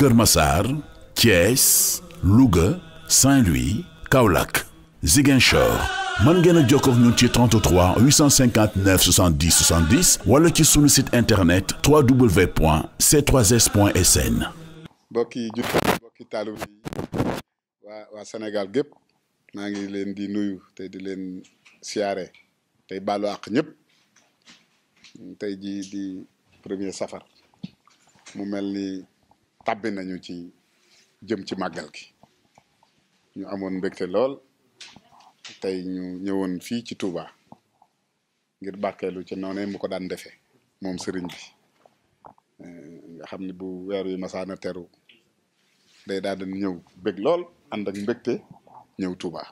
Kër Massar Thiès Louga Saint-Louis Kaolack Ziguinchor man ngeen a jokkoo ak ñun ci 33 859 70 70 wala ci sunu site internet www.c3s.sn. mbokki jut mbokki taalib yi waa waa Sénégal gépp maa ngi leen di nuyu te di leen siyaare tey baalu àq ñëpp tey di premier safar mu mel ni. tàbbi nañu ci jëm ci màggal gi ñu amoon mbégte lool tey ñu ñëwoon fii ci Touba ngir barkeelu ci noonee mu ko daan defee moom sëriñ bi eh, nga xam ne bu weer wi masaana teru day daal ñëw bég lool ànd ak ñëw Touba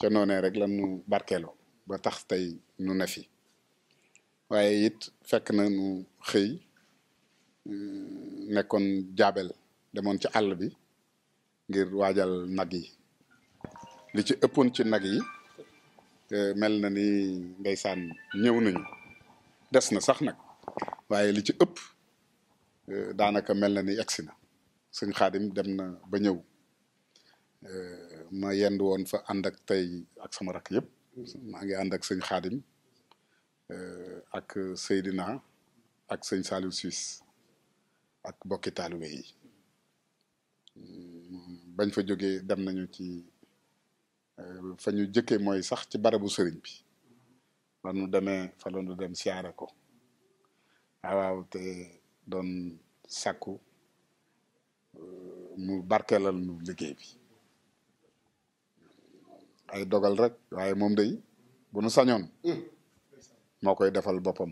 ca noonee rek la ñu barkeeloo ba tax tey nu ne fi waaye it fekk na nu xëy nekkoon jaabel demoon ci àll bi ngir waajal nag yi li ci ëppoon ci nag yi mel na ni ndeysaan ñëw nañu des na sax nag waaye li ci ëpp e, daanaka mel na ni egsi na sëñ dem na ba ñëw e, ma yend woon fa ànd ak tey ak samarak rakk yëpp maa ngi ànd ak sëñ xaadim e, ak Seydina ak sëñ Saliou Suisse ak bokki taalibe yi bañ fa jógee dem nañu ci euh, fa ñu jëkkee mooy sax ci barabu sëriñ bi lanu demee fa lanu dem siyaare ko waaw te doon sàkku euh, mu barkeelal nu liggéey bi ay dogal rek waaye moom day bu nu sañoon mm. moo koy defal boppam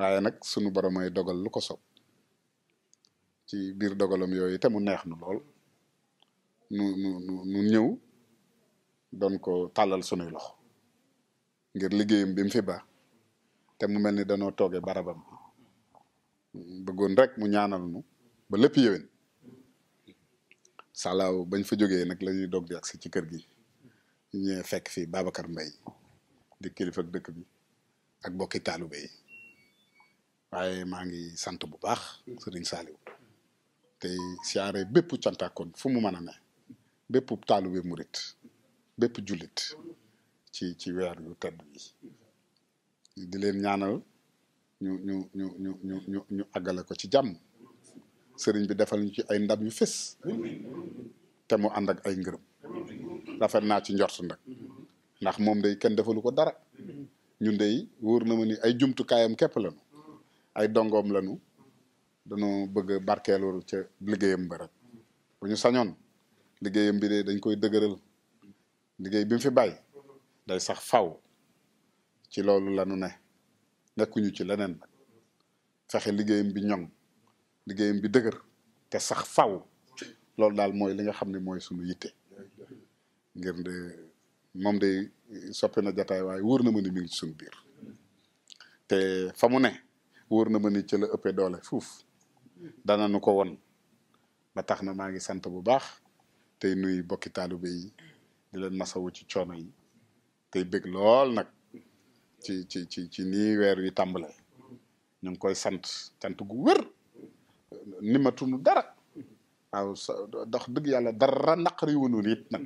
waaye nag sunu borom mooy dogal lu ko sob ci biir dogalam yooyu te mu neex nu lool nu nu nu ñëw doon ko tàllal sunuy loxo ngir liggéeyam bi mu fi ba te mu mel ni danoo toogee barabam bëggoon rek mu ñaanal nu ba lépp yéwén salaaw bañ fa jógee nag lañuy dog doog di agsi ci kër gi ñu fekk fii Babacar Mbaye di kilifa dëkk bi ak bokki taalibe yi waaye maa ngi sant bu baax Serigne Saliou tey siyaare bépp cantakoon fu mu mën a ne bépp taalibe murit bépp jullit ci ci weer yu tedd yi di leen ñaanal ñu ñu ñu ñu ñu ñu ñu àggale ko ci jàmm sëriñ bi defal ñu ci ay ndam yu fés te mu ànd ay ngërëm rafet naa ci njort nag ndax moom day kenn defalu ko dara ñun dey wóor na ma ni ay jumtukaayam képp lañu ay dongom lañu danoo bëgg a barkeelu ca liggéeyam ba rek bu ñu sañoon liggéeyam bi de dañ koy dëgëral liggéey bi mu fi bàyyi day sax faw ci loolu la ne nekkuñu ci leneen nag fexe liggéeyam bi ñoŋ liggéeyam bi dëgër te sax faw loolu daal mooy li nga xam ne mooy suñu yitte ngir de moom de soppi na jataay waaye wóor na ma ni mi ngi ci suñu biir te fa mu ne wóor na ma ni ci la ëppee doole fuuf dana nu ko won ba tax na maa ngi sant bu baax tey nuyu bokki taalibe yi di leen masawu ci coono yi tey bëgg lool nag ci ci ci ci nii weer wi tàmbale ñu ngi koy sant sant gu wér nimatu ma dara waaw dëgg yàlla dara naqari wunu nit nag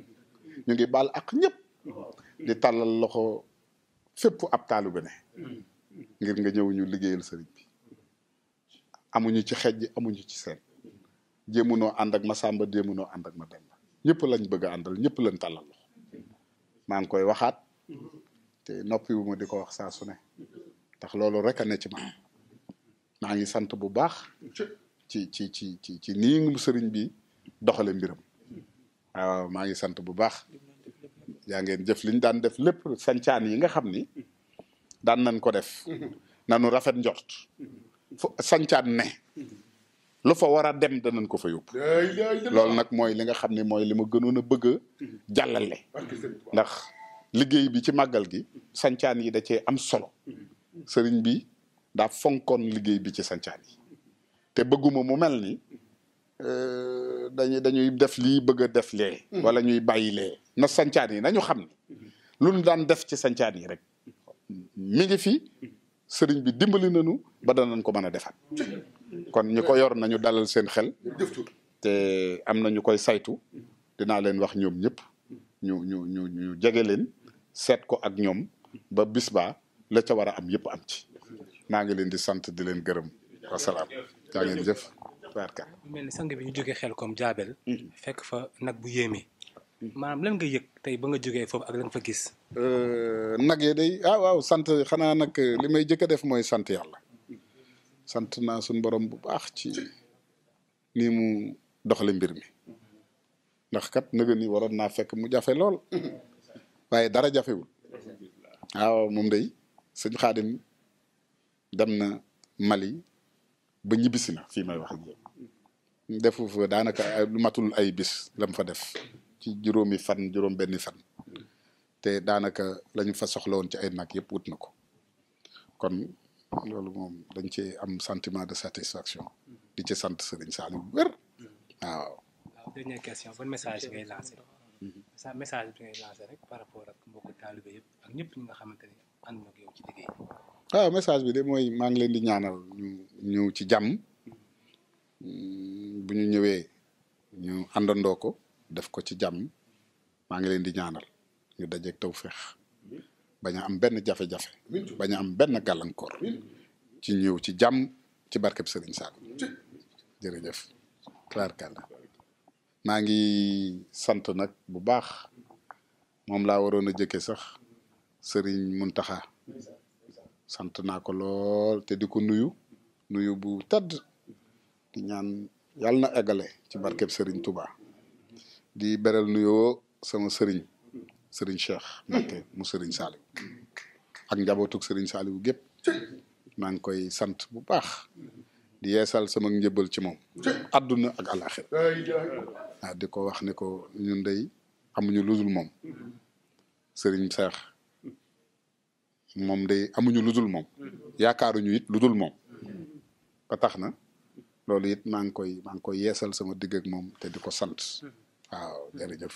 ñu ngi baal ak ñëpp di tàllal loxo fépp ab taalibe ne ngir nga ñëw ñu liggéeyal sëriñ amuñu ci xejj amuñu ci seen jéemunoo ànd ak ma sàmba déemunoo ànd ak ma demba ñëpp lañ bëgg a àndal ñëpp lañ tàllal maa ngi koy waxaat te noppi di ko wax saa su ne ndax loolu rek a ne ci ma maa ngi sant bu baax ci ci ci ci ci nii sëriñ bi doxale mbiram waaw maa ngi sant bu baax yaa ngeen jëf liñ daan def lépp sancaan yi nga xam ni daan nañ ko def nanu rafet njort sañcaat ne lu fa war a dem danañ ko fa yóbbu loolu nag mooy li nga xam ni mooy li ma gënoon a bëgg jàllale ndax liggéey bi ci màggal gi sañcaan yi da cee am solo sëriñ bi daa fonkoon liggéey bi ci sañcaan yi te bëgguma mu mel ni euh, dañuy dañuy def lii bëgg a def lee wala ñuy bàyyi lee na sañcaan yi nañu xam ni lu ñu daan def ci sañcaan yi rek mi ngi fi sëriñ bi dimbali nañu ba danañ ko mën a defaat kon ñu ko yor nañu dalal seen xel te am na ñu koy saytu dinaa leen wax ñoom ñëpp ñu ñu ñu ñu jege leen seet ko ak ñoom ba bis ba la ca war a am yëpp am ci ngi leen di sant di leen gërëm wasalaam jaa ngeen jëf barka mel bi ñu xel comme jaabel hmm. fekk fa nag bu yéeme maanaam lan nga yëg tey ba nga jógee foofu ak lan fa gis euh, nag yi day ah waaw sant xanaa nag li may jëkk def mooy sant yàlla sant na suñ borom bu baax ci ni mu doxale mbir mi ndax kat nëga ni waroon naa fekk mu jafe lool waaye dara jafewul waaw moom day sëñ xaadim dam na Mali ba ñibbisi na fii may wax defu fa daanaka matul ay bis lam fa def ci juróomi fan juróom benni fan te daanaka lañu fa soxla woon ci ay nag yépp wut na ko kon loolu moom dañ ci am sentiment de satisfaction di ci sant Serigne Saliou bu wér waaw. waaw dernière question message ngay sa message bi ngay lancé rek par rapport ak mbokku taalibe yëpp ñëpp ñi nga xamante ni message bi de mooy maa ngi leen di ñaanal ñu ñëw ci jàmm mm, bu ñu ñëwee ñu àndandoo ko def ko ci jàmm maa ngi leen di ñaanal ñu taw feex bañ a am benn jafe-jafe bañ a am benn gàllankoor ci ñëw ci jàmm ci barkeb Serigne Sall jërëjëf maa ngi sant nag bu baax moom laa waroon a jëkke sax Serigne Muntaxa sant naa ko lool te di ko nuyu nuyu bu tedd ñaan yàlla na eggale ci barkeb Serigne Touba di beral nuyoo sama sëriñ sëriñ Cheikh Mbacké mu sëriñ Saliou ak njabootug sëriñ Saliou gépp maa ngi koy sant bu baax yeesal sama njëbbal ci moom àdduna ak àlaxira di ko wax ne ko ñun day amuñu ludul moom sëriñ Cheikh moom day amuñu ludul moom yaakaaruñu it ludul moom ba tax na loolu it maa ngi koy maa ngi koy yeesal sama digg moom te di ko sant waaw jërëjëf